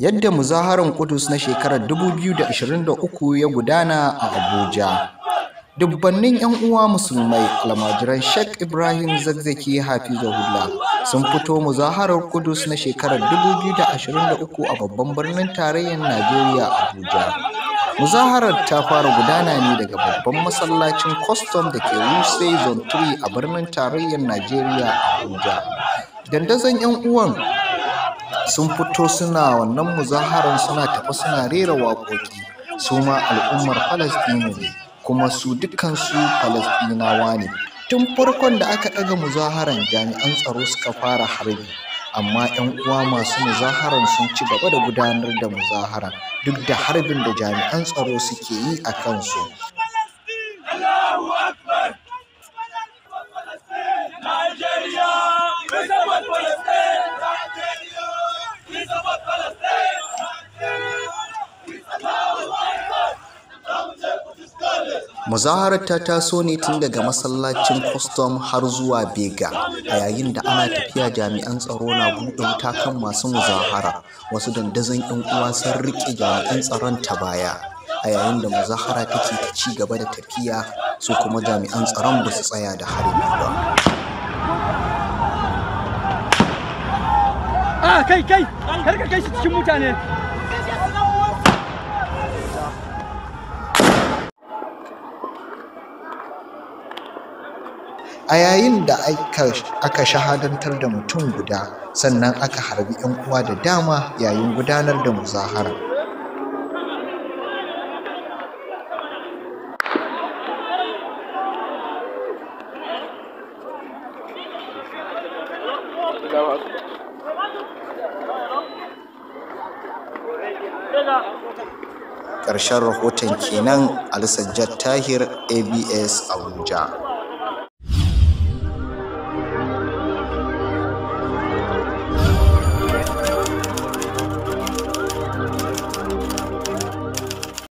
yadda muzaharar Kudus na shekarar 2023 ya gudana a Abuja. Dubbannin 'yan uwa musulmai almajiran Sheikh Ibrahim Zazzaki Hafizahullah sun fito muzaharar Kudus na shekarar 2023 a babban birnin tarayyar Najeriya Abuja. Muzaharar ta fara gudana ne daga babban masallacin Custom da ke Wuse Zone 3 a birnin tarayyar Najeriya Abuja. Dandazon 'yan uwan sun fito suna wannan muzaharan suna tafi suna rera waƙoƙi su ma al'ummar falastinu ne kuma su dukkansu falastinawa ne tun farkon da aka ɗaga muzaharan jami'an tsaro suka fara harbi amma 'yan uwa masu muzaharan sun ci gaba da gudanar da muzaharan duk da harbin da jami'an tsaro suke yi a kansu muzaharar ta taso ne tun daga masallacin kwastam har zuwa bega a yayin da ana tafiya jami'an tsaro na buɗe wuta kan masu muzahara wasu dandazon 'yan uwa sun riƙe jami'an tsaron ta baya a yayin da muzahara take ta ci gaba da tafiya su kuma jami'an tsaron ba su tsaya da harbi ba ah, kai kai kai shi cikin mutane a yayin da aka shahadantar da mutum guda sannan aka harbi 'yan uwa da dama yayin gudanar da muzahara ƙarshen rahoton kenan alisajjar tahir abs abuja